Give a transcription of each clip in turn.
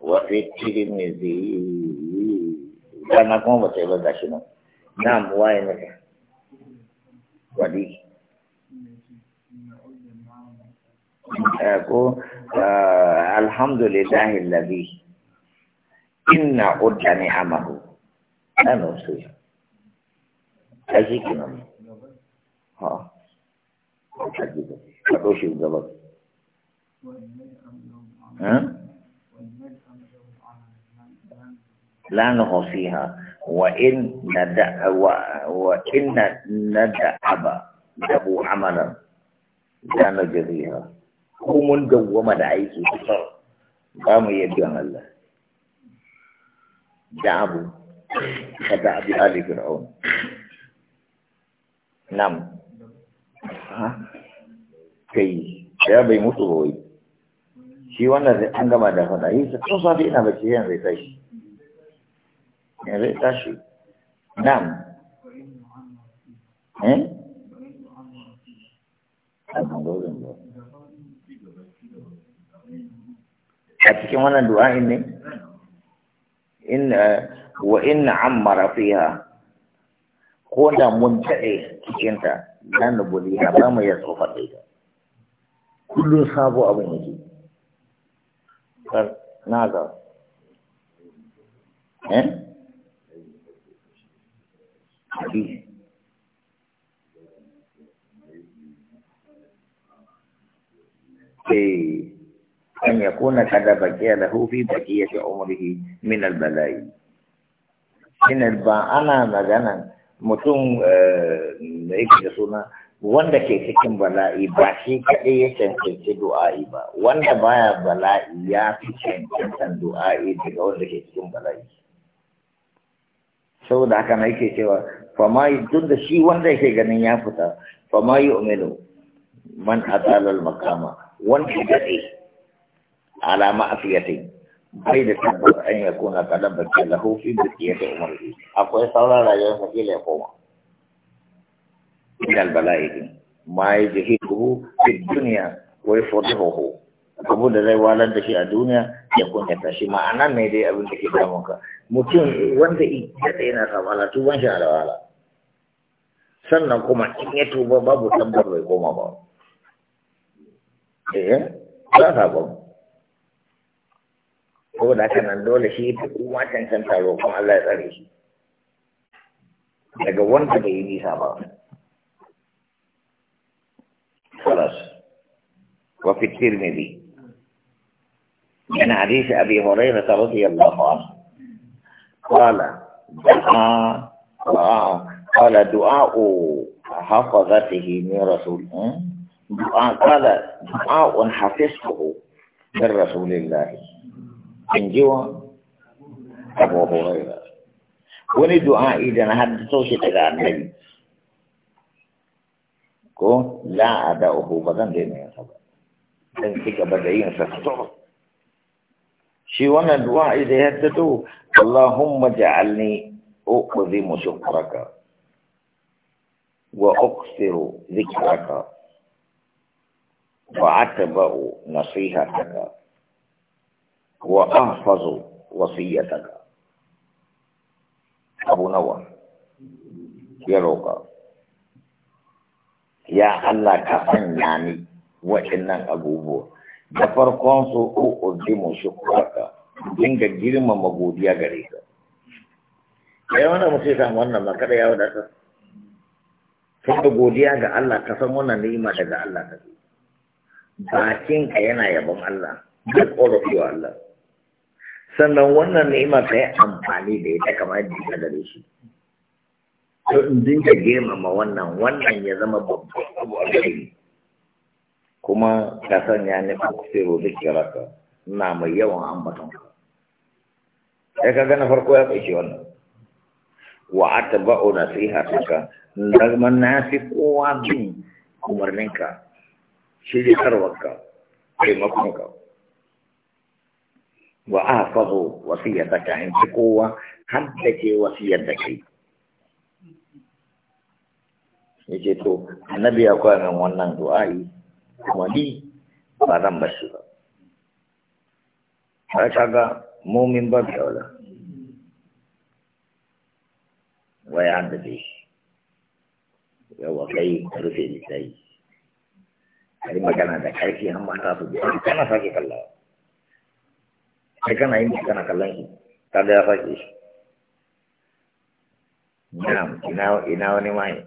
وفي الترمذي كان نعم آه، الحمد لله الذي إن عد نعمه أنا أسوي أجيك نعم ها أجيك أدوش الجبل لا فيها وإن ندع وإن أبا له عملا لا نجزيها هم الجوم دعيك بصر قام يبيان الله دعبوا خدع بآل فرعون نعم ها كي يا بي ويد shi wannan zai an gama da faɗa yi su tun safi ina bacci yanzu ya tashi yanzu ya tashi nam eh? a cikin wannan du'a'in ne eh, wa in ammara fiha ko da mun taɗe cikinta na ya ba mu ya tsofa ɗaya kullum sabo abin yake kar na ga eh hadisi أن يكون قد بقي له في بقية عمره من البلاء إن البا أنا مجانا متون نيجي آه، إيه سونا wanda ke cikin bala'i ba shi kaɗai ya cancanci du'a'i ba wanda baya bala'i ya fi cancantar du'a'i daga wanda ke cikin bala'i saboda haka na yake cewa fama duk da shi wanda yake ganin ya fita fama yi umilu man atalar makama wanda ya alama alama afiyatai bai da tabbas an yi kuna kadan bakin lahu fi bukiyar da umarci akwai sauran rayuwar sa ya koma من البلاء ما يجهده في الدنيا ويفرحه abu da zai walar da shi a duniya ya kunyata shi ma'ana ne dai abin da ke damunka mutum wanda ya tsaye na samu ala tuban shi da wala sannan kuma in ya tuba babu tambar bai koma ba eh za ta ba ko da haka dole shi ta kuma cancanta kuma Allah ya tsare shi daga wanda bai yi nisa ba خلاص وفي الترمذي من حديث أبي هريرة رضي الله عنه قال دعاء قال دعاء حفظته من رسول دعاء قال دعاء حفظته من رسول الله من جوا أبو هريرة ولدعاء إذا idan har عن ko la ada uhu ba zan daina yin sa ba zan ci gaba da yin sa shi wannan du'a idan ya tato Allahumma ja'alni uqdimu shukraka wa uksiru dhikraka wa atba'u nasihataka wa ahfazu wasiyataka abu nawa ya roƙa ya Allah ka sanya ni waɗannan abubuwa da farkon su u'udimu shukraka dinga girmama godiya gare ka Ya yayin wanda muke san wannan ba kada ya wadata sai da godiya ga Allah ka san wannan ni'ima daga Allah ka bakin ka yana yabon Allah da korofewa Allah sannan wannan ni'ima ka yi amfani da ita kamar yadda ka gare shi to in dinga ma wannan wannan ya zama babban abu a gari kuma ka sanya ni ku kusero zikiraka ina mai yawan ambaton ka sai ka gana farko ya kai wannan wa atba'u nasihataka nazman nasi kowa bin umarninka shiryatarwarka ka wa afazu ka in fi kowa haddace wasiyar da kai ya ce to annabi ya koya min wannan du'a'i kuma ni ba zan bar shi ba ta kaga mumin ba biyaula wai an da shi yawa kai rufe littafi kai magana da karfi har mata su biya kana sake kallawa kai kana yin kana kallon shi kada ya sake shi ina ina wani mai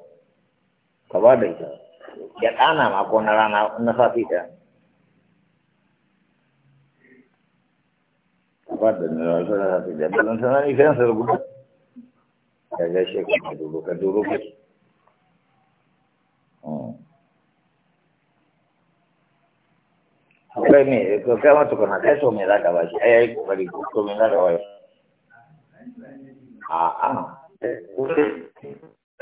ka ba da ita ya ɗana ma ko na rana na safi ɗaya ba da na rana na safi ɗaya balon sana ni fiyan sa ya gaishe ka ka dubu ka dubu ka hmm. akwai me ka kai mata kana kai so me za ka ba shi ai ai kokari ko me za ba shi a'a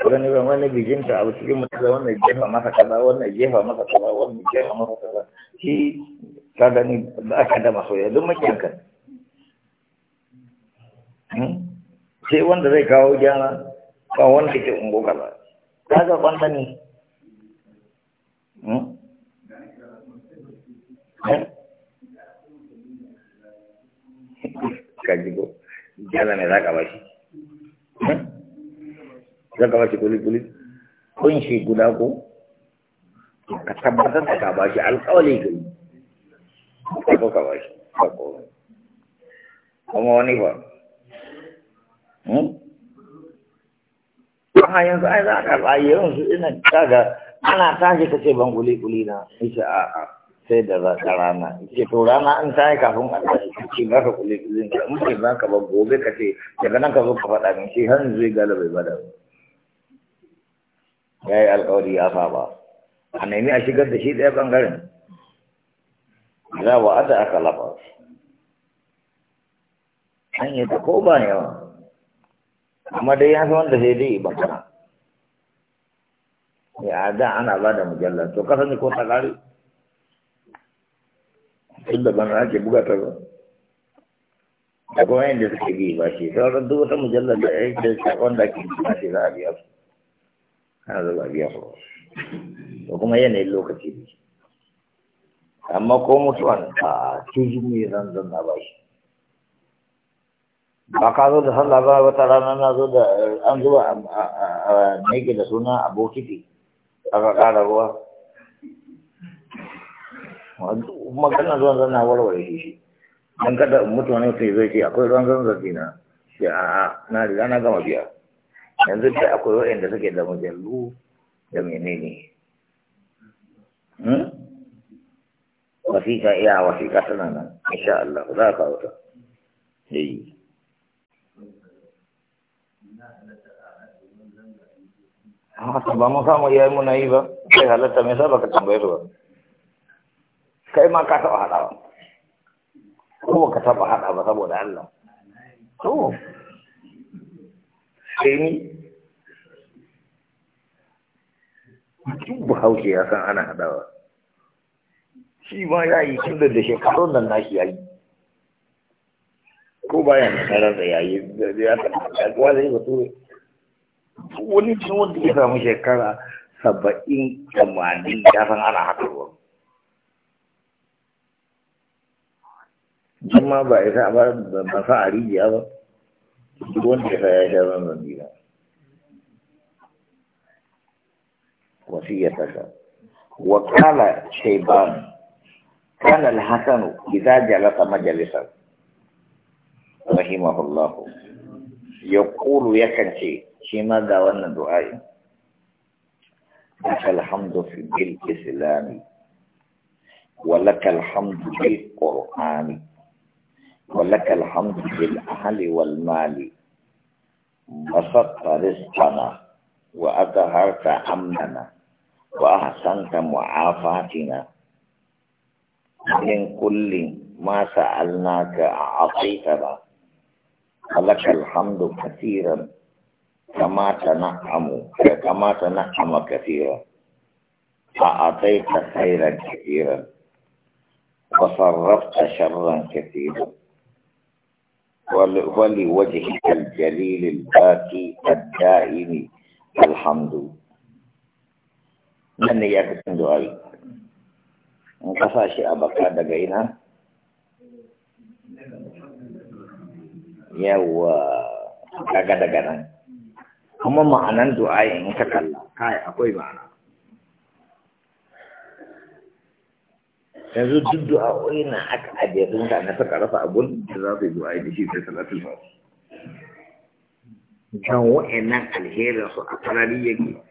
wani ban wani bijinta abu cikin mutane wannan jefa masa kaza wannan jefa masa kaza wannan jefa masa kaza shi ta gani ba aka da ya duk kan hmm? sai wanda zai kawo gyara ba wanda ke ungo kaza ka ga kwanta ne hmm? eh? ka jigo gyara ne za ka ba shi hmm? zan kama shi kulis-kulis kun shi guda ko ka tabbatar da ka ba shi alkawali gari ka ko ka ba shi ka kuma wani ba ha hmm? yanzu ai za a karɓa yanzu ina kaga ana tashi ka ce ban kuli-kuli na ita a'a sai da zaka rana ce to rana in ta yi kafin alfahari ce ba ka kule kulin ka in ba ka ba gobe ka ce daga nan ka zo ka faɗa min shi har zai gala bai bada ba ya yi alkawari ya saba a nemi a shigar da shi ɗaya ɓangaren za wa ada aka lafa an yi ta ko ba yawa amma dai ya fi wanda sai dai bakana ya da ana ba da mujallar to kasance ko ta ƙari tun da bana ake buga ta ba da kuma yadda suke bi ba shi sauran duk wata mujallar da ya yi da sakon da ake ba shi za a biya su هذا لا يخرج وكما ينهي اللوكة دي أما قومت وأن تجمي رمضان أباشي ba ka zo da sallah ba wata rana na zo da an da suna bokiti aka ƙara ruwa maganar ruwan zana warware shi shi don kada mutane su yi zai ce akwai ruwan zan a na riga na gama biya yanzu da akwai wa'anda suke da mujallu da menene hmm? wasiƙa iya wasiƙa tana nan insha Allah za ka wuta yayi haka ba mu samu iyayen mu na yi ba kai halatta me yasa baka tambaye su ba kai ma ka taɓa haɗa ba ko ka taɓa haɗa ba saboda Allah to sai ni mutum bahaushe ya san ana hadawa shi ma ya yi tun da shekarun nan nashi ya yi ko baya nasarar da yayi da ya ya zai bature wani ne wanda ya samu shekara saba'in tamanin ya san ana hadawa ruwa ba isa ba ba sa a rijiya ba دون كفاية من المدينة وفي وقال شيبان قال الحسن إذا جلس مجلسا رحمه الله يقول يا كنشي شما داوان دعائي لك الحمد في بالإسلام ولك الحمد في القرآن ولك الحمد في الأهل والمال بسطت رزقنا وأظهرت أمننا وأحسنت معافاتنا من كل ما سألناك أعطيتنا ولك الحمد كثيرا كما تنعم كما تنعم كثيرا أعطيت خيرا كثيرا وصرفت شرا كثيرا wali wajihi aljalilil baqi addaimi alhamdu nan ne ya fi cin du'a in ka a baka daga ina yawa daga daga nan kuma ma'anan du'a in ka akwai ma'ana yanzu duk du'a'o'i na haka a sun ka na saka rasa abun da za su yi du'a'i da shi sai salatu ba ga wa'annan alherin su a farari yake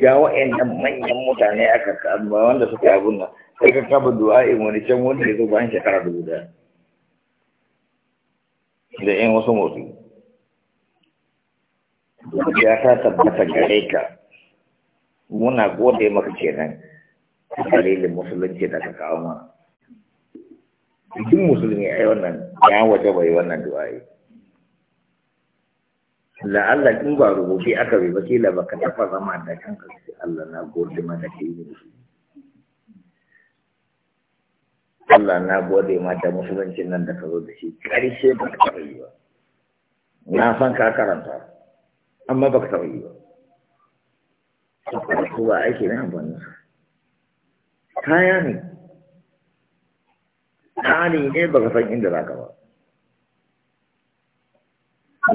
ga wa'annan manyan mutane aka kama wanda suka abun nan sai ka kaba in wani can wanda ya zo bayan shekara dubu daya da yan wasu motsi ya ta tabbata gare ka muna gode maka kenan dalilin musulunci da ta kawo ma. duk musulmi ai wannan ya waje bai wannan du'a'i la'alla in ba rubuce aka bai ba kila baka taɓa zama da kanka sai Allah na gode ma da kai Allah na gode ma da musuluncin nan da ka zo da shi ƙarshe ba ka taɓa yi ba na san ka karanta amma ba ka taɓa yi ba ba ake na amfani sa kaya ne tsari ne ba ka san inda za ka ba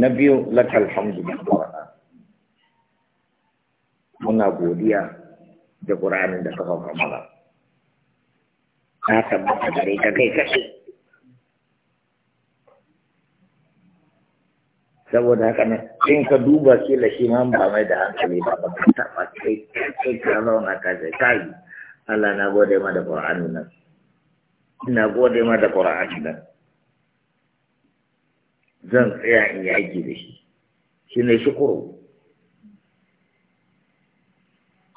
na biyu laka alhamdu da kawara muna godiya da ƙuranin da ka kawo mana ta tabbata gare ka kai kashe saboda haka nan in ka duba kila shi ma ba mai da hankali ba ba ka taɓa kai kai ka zauna ka sai ka yi Allah na gode ma da Qur'ani nan ina gode ma da Qur'ani nan zan tsaya in yi aiki da shi shi ne shukuru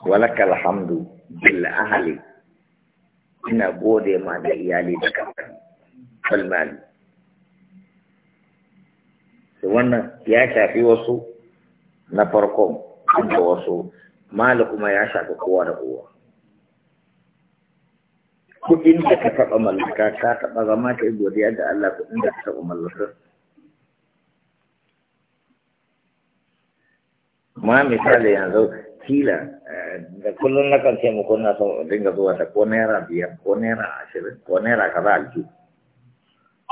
walaka alhamdu bil ahli ina gode ma da iyali da kamfani falmali sai wannan ya shafi wasu na farko da wasu mali kuma ya shafi kowa da kowa kudin da ka taɓa mallaka ka taɓa zama ka yi godiya da Allah kudin da ka taɓa mallaka ma misali yanzu kila eh, da kullum na kan ce muku na son dinga zuwa da ko naira biyar ko naira ashirin ko naira kaza alji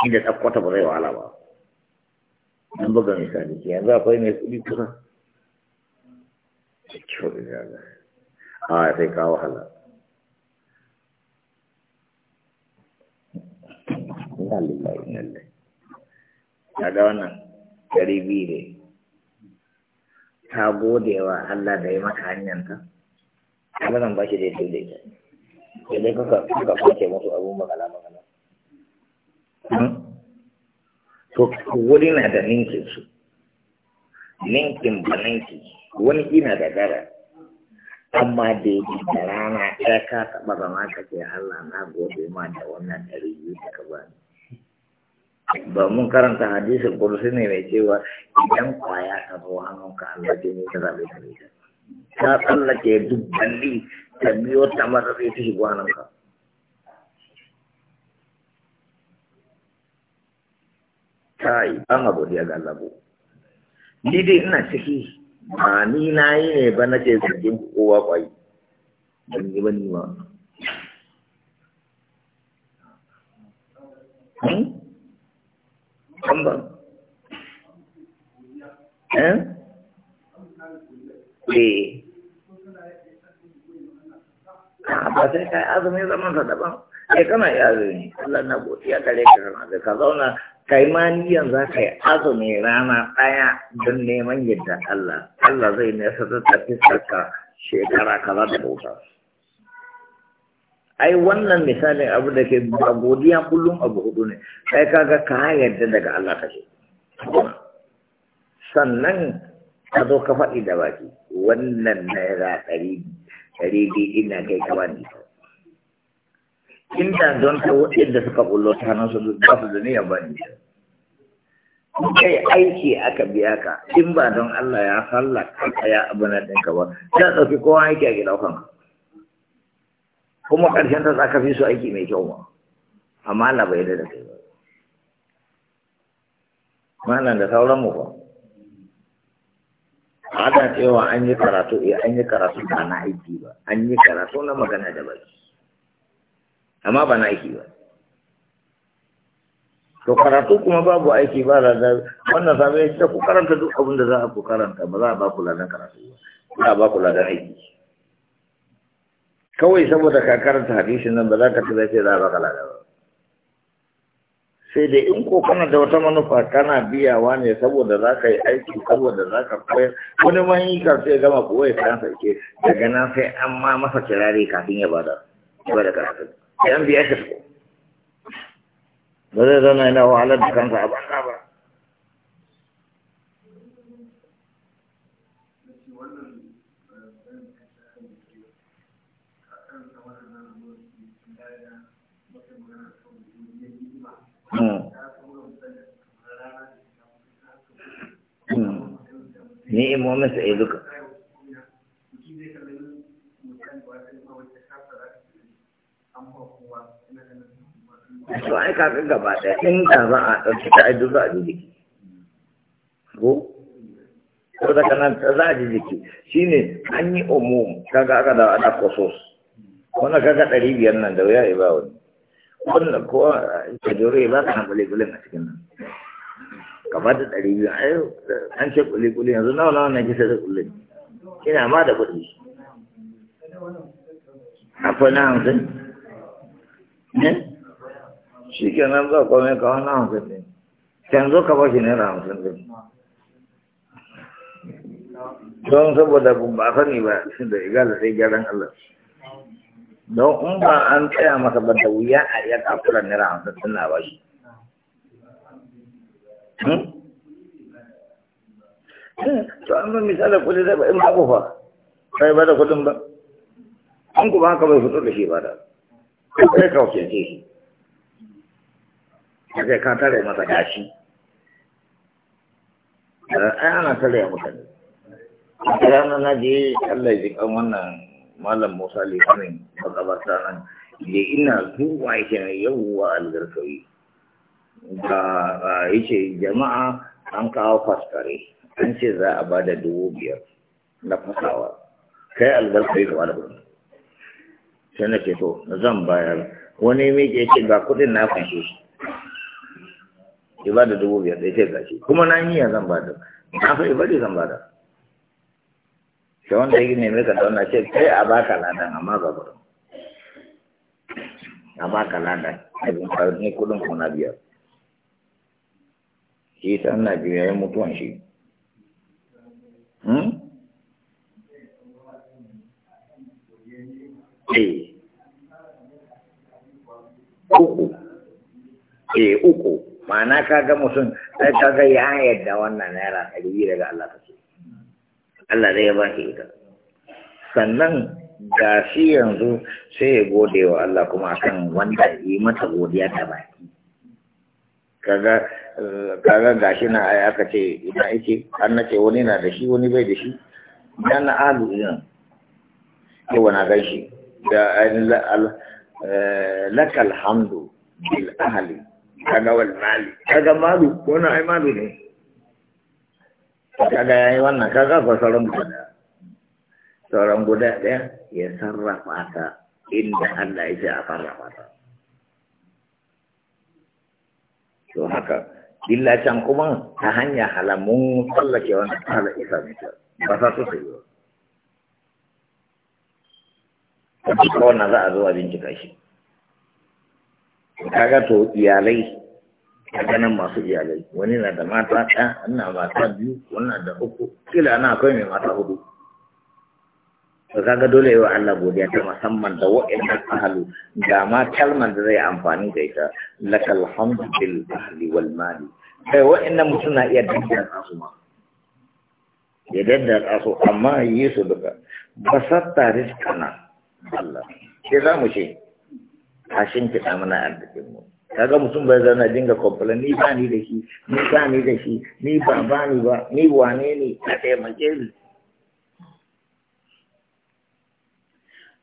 inda ɗaukata ba zai wahala ba an buga misali yanzu akwai mai kuɗi kusa a ah, sai kawo wahala inna lillahi kaga wannan dari biyu ne ta gode wa Allah da ya maka hanyarta kaga zan ba shi da yadda ita sai dai kuka kuka kwace musu abun magana magana hmm? to wuri na da ninkin su ninkin ba ninki wani ina da gara amma da yake da rana ɗaya ka taɓa zama ka ce Allah na gode ma da wannan ɗari biyu da ka bani Bamun karanta hadisin kursi ne mai cewa idan kwaya ta bawa zo ka Allah ke ne ta zaɓe ka ita ta tsallake duk balli ta biyo ta maza zai ta shigo ka. ta yi ban abu da ga Allah ni dai ina ciki ba ni na yi ne ba na ce zargin kowa kwai ban yi ba ni ba Tambang. Eh? Eh. Ba sai kai azumi zaman sa daban. ya kana yi azumi. Allah na godiya gare ka kana da ka zauna kai ma ni yanzu ka yi azumi rana ɗaya don neman yadda Allah. Allah zai nesa da tafi ka shekara kaza da bauta. ai wannan misalin abu da ke ba godiya kullum abu hudu ne sai kaga ka yadda daga Allah kake sannan ka zo ka faɗi da baki wannan naira ɗari ɗari biyu ina kai ka bani inda don ta da suka bullo ta hannun su ba su da niyya bani kai aiki aka biya ka in ba don Allah ya sallaka ya abu na ɗinka ba ta ɗauki kowa aiki a gidan kanka kuma ƙarshen ta tsaka fi su aiki mai kyau ma amma Allah bai da kai ba mana da sauran mu ba ana cewa an yi karatu eh an yi karatu ba na aiki ba an yi karatu na magana da baki amma ba na aiki ba to karatu kuma babu aiki ba da wannan sabai ya ku karanta duk abin da za ku karanta ba za a ba ku ladan karatu ba za a ba ku ladan aiki kawai saboda ka karanta hadisin nan ba za ka tada ce za a baka ba sai dai in ko kana da wata manufa kana biyawa ne saboda za ka yi aiki saboda za ka koyar wani man yi ya gama kowai kayan sa ke daga nan sai an ma masa kirari kafin ya bada ba da karatu sai an biya shi ba zai zauna yana wahalar da kansa a banza ba Ni hmm. in hmm. ni'imomin sa eh duka to ai ka gaba ɗaya in da za a ɗauki ta ai duka a jiki ko ko da kana za a jiki shine an yi umum kaga aka da aka kosos wannan kaga ɗari biyar nan da wuya ya ba wani wannan ko ta jiro ya ba ka nan kulikulin a cikin nan kama da ɗari biyu ai an ce kulikuli yanzu nawa nawa na kisa da kulin ina ma da kuɗi akwai na hamsin ne shi ke nan za kome kawo na hamsin ne can zo ka bashi naira hamsin ne don saboda ba sani ba shi da igala sai gyaran Allah don in ba an tsaya masa ba da wuya a iya kafuran naira hamsin suna ba shi hmm? Hmm, to an ba misalin kudi zai ba in ba kufa, sai ba da kudin ba an kuma haka bai fito da shi ba da sai ka ce shi Kai ka tare masa gashi eh, ai ana tare mutane ranar na je Allah ya ji kan wannan malam musa limanin makabarta nan ya ina zuwa yake mai yawuwa algarkawi da yake jama'a an kawo faskare an ce za a ba da dubu biyar na fasawa kai algarkawi gaba da kuɗi sai na ce to zan bayar wani mai ke ce ga kuɗin na fashe shi ya ba da dubu biyar da ya ce gashi kuma na yi ya zan ba da na fa ibadi zan ba da shi wanda yake nemi ka dauna ce kai a baka lada amma ba ba a baka lada abin karni kudin kuna biyar shi ta na biya ya mutuwan shi hmm? eh. uku, eh, uku, ma'ana ka ga mutum, sai ka ga ya yadda wannan naira ɗari daga Allah ta Allah ya ba shi ita sannan ga shi yanzu sai ya gode wa Allah kuma akan wanda yi mata godiya ta baki kaga ga gashi na ai aka ce ina yake an nace wani na da shi wani bai da shi dan na alu ina ke wana gan shi da eh, lakal hamdu bil ahli kaga wal mali kaga malu wannan ai malu ne kaga yayi wannan kaga ko sauran guda sauran guda ɗaya ya sarrafa ta inda Allah ya ce a sarrafa ta to haka illa can kuma ta hanyar halamun tsallake wannan kala isa mita ba sa su sayi ba wannan za a zo a bincika shi kaga to iyalai daga nan masu iyalai wani na da mata ɗaya na mata biyu wannan da uku kila na akwai mai mata hudu ka kaga dole yau Allah godiya ta musamman da wa'annan ahalu da ma kalmar da zai amfani da ita lakal hamdu bil ahli wal mali kai wa'annan mutum na iya dangan su ma ya dangan su amma yi su duka Ba sata rizqana Allah sai za mu ce kashin kiɗa mana arzikin mu kaga mutum bai zana dinga kwamfula ni ba ni da shi ni ba ni da shi ni ba ba ni ba ni wane ne a taimake ne.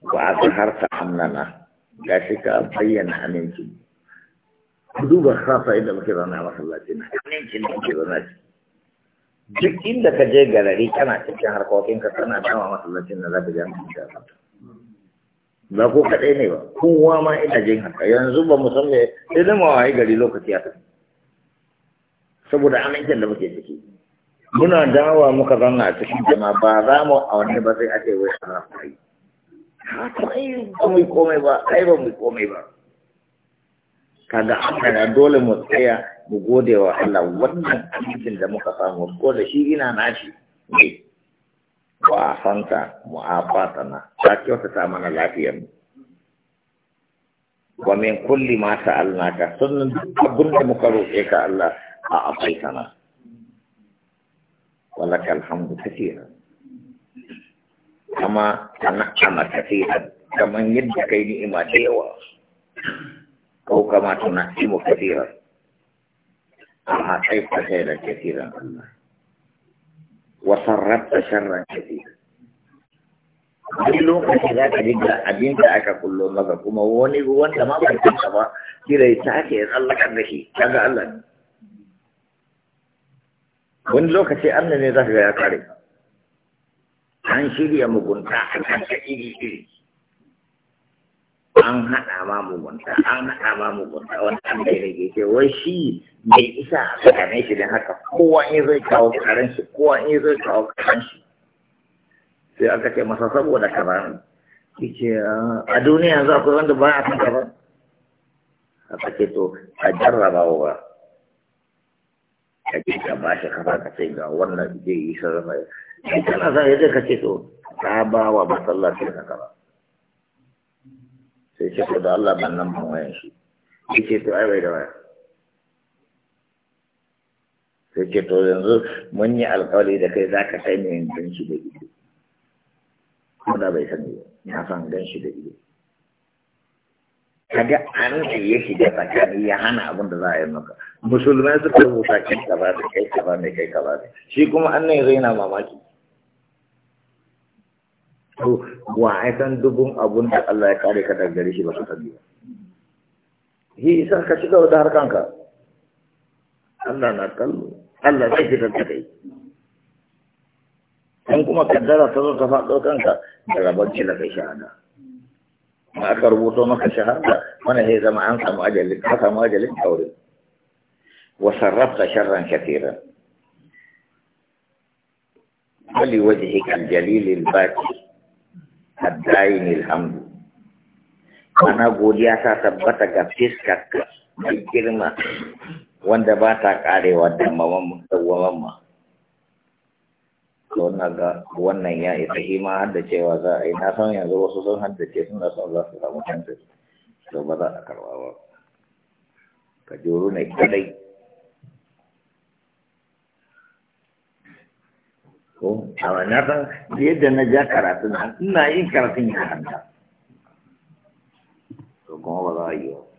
ba ta har ta amnana ga shi ka bayyana aminci ku duba sasa inda muke zana masallaci na amincin da muke zana ci duk inda ka je garari kana cikin harkokinka kana dama masallacin da za ka je aminci da ba ko kaɗai ne ba kowa ma ina jin haka yanzu ba musamman sai da mawaye gari lokaci a saboda amincin da muke ciki muna dawa muka zanna a cikin jama ba za mu a wani ba sai ake wai a rafi haka ai ba mu komai ba ai ba mu komai ba kaga amana dole mu tsaya mu gode wa Allah wannan amincin da muka samu ko da shi ina nashi wa asanta mu'afatana ta kyautata mana lafiyar wa min kulli ma sa'alnaka sannan duk da muka roƙe ka Allah a afaitana wa lakal hamdu kathira kama tana'ama kathira kaman yadda kai ni'ima da yawa ko kama tuna'imu kathira a haifar da kathira Allah wasarrafta sharran kathira duk lokaci za ka dinga abin da aka kullo maka kuma wani wanda ma ba ka ba kira ya tashi ya tsallakar da shi kaga Allah ne wani lokaci Allah ne za ka ga ya kare an shirya mugunta a kan iri iri an haɗa ma mugunta an haɗa ma mugunta wanda an da rage ce wai shi bai isa a tsakanin shi don haka kowa in zai kawo karen shi kowa in zai kawo karen shi sai aka ce masa saboda kaza ne ce a duniya yanzu akwai wanda ba a san kaza aka ce to a jarraba wa ka ce ka ba shi kaza ka ce ga wannan zai yi sarrafa ya kana za ya ce ka ce to ka ba wa masallacin ka kaza sai ce to da Allah ban nan ban wayan shi sai ce to ai bai da waya sai ce to yanzu mun yi alkawari da kai zaka kai ne in gan shi da ido ko da bai san ba na san gan shi da ido kaga an da ya shiga tsakani ya hana abin da za a yi maka musulmai suka rubuta kai kaza da kai kaza ne kai kaza ne shi kuma an ne zai na mamaki to wa ai san dubun abun da Allah ya kare ka daga gare shi ba ka sani ba shi isa ka shiga wata harkanka Allah na kallo Allah zai fitar da kai in kuma kaddara ta zo ta faɗo kanka daga bacci da kai shahada ma aka rubuto maka shahada wannan sai zama an samu ajalin ka samu ajalin aure wa sarrafta sharran katira wali wajhika aljalil albaqi haddaini alhamdu ana godiya ta tabbata ga fiskar mai girma wanda ba ta karewa da mawan ma to na ga wannan ya yi hima har da cewa za a yi na san yanzu wasu sun ke suna son za su samu canza to ba za a karɓa ba ka joro ne kadai ko hawa na san yadda na ja karatun ina yin karatun ya hanta to kuma ba za a yi ba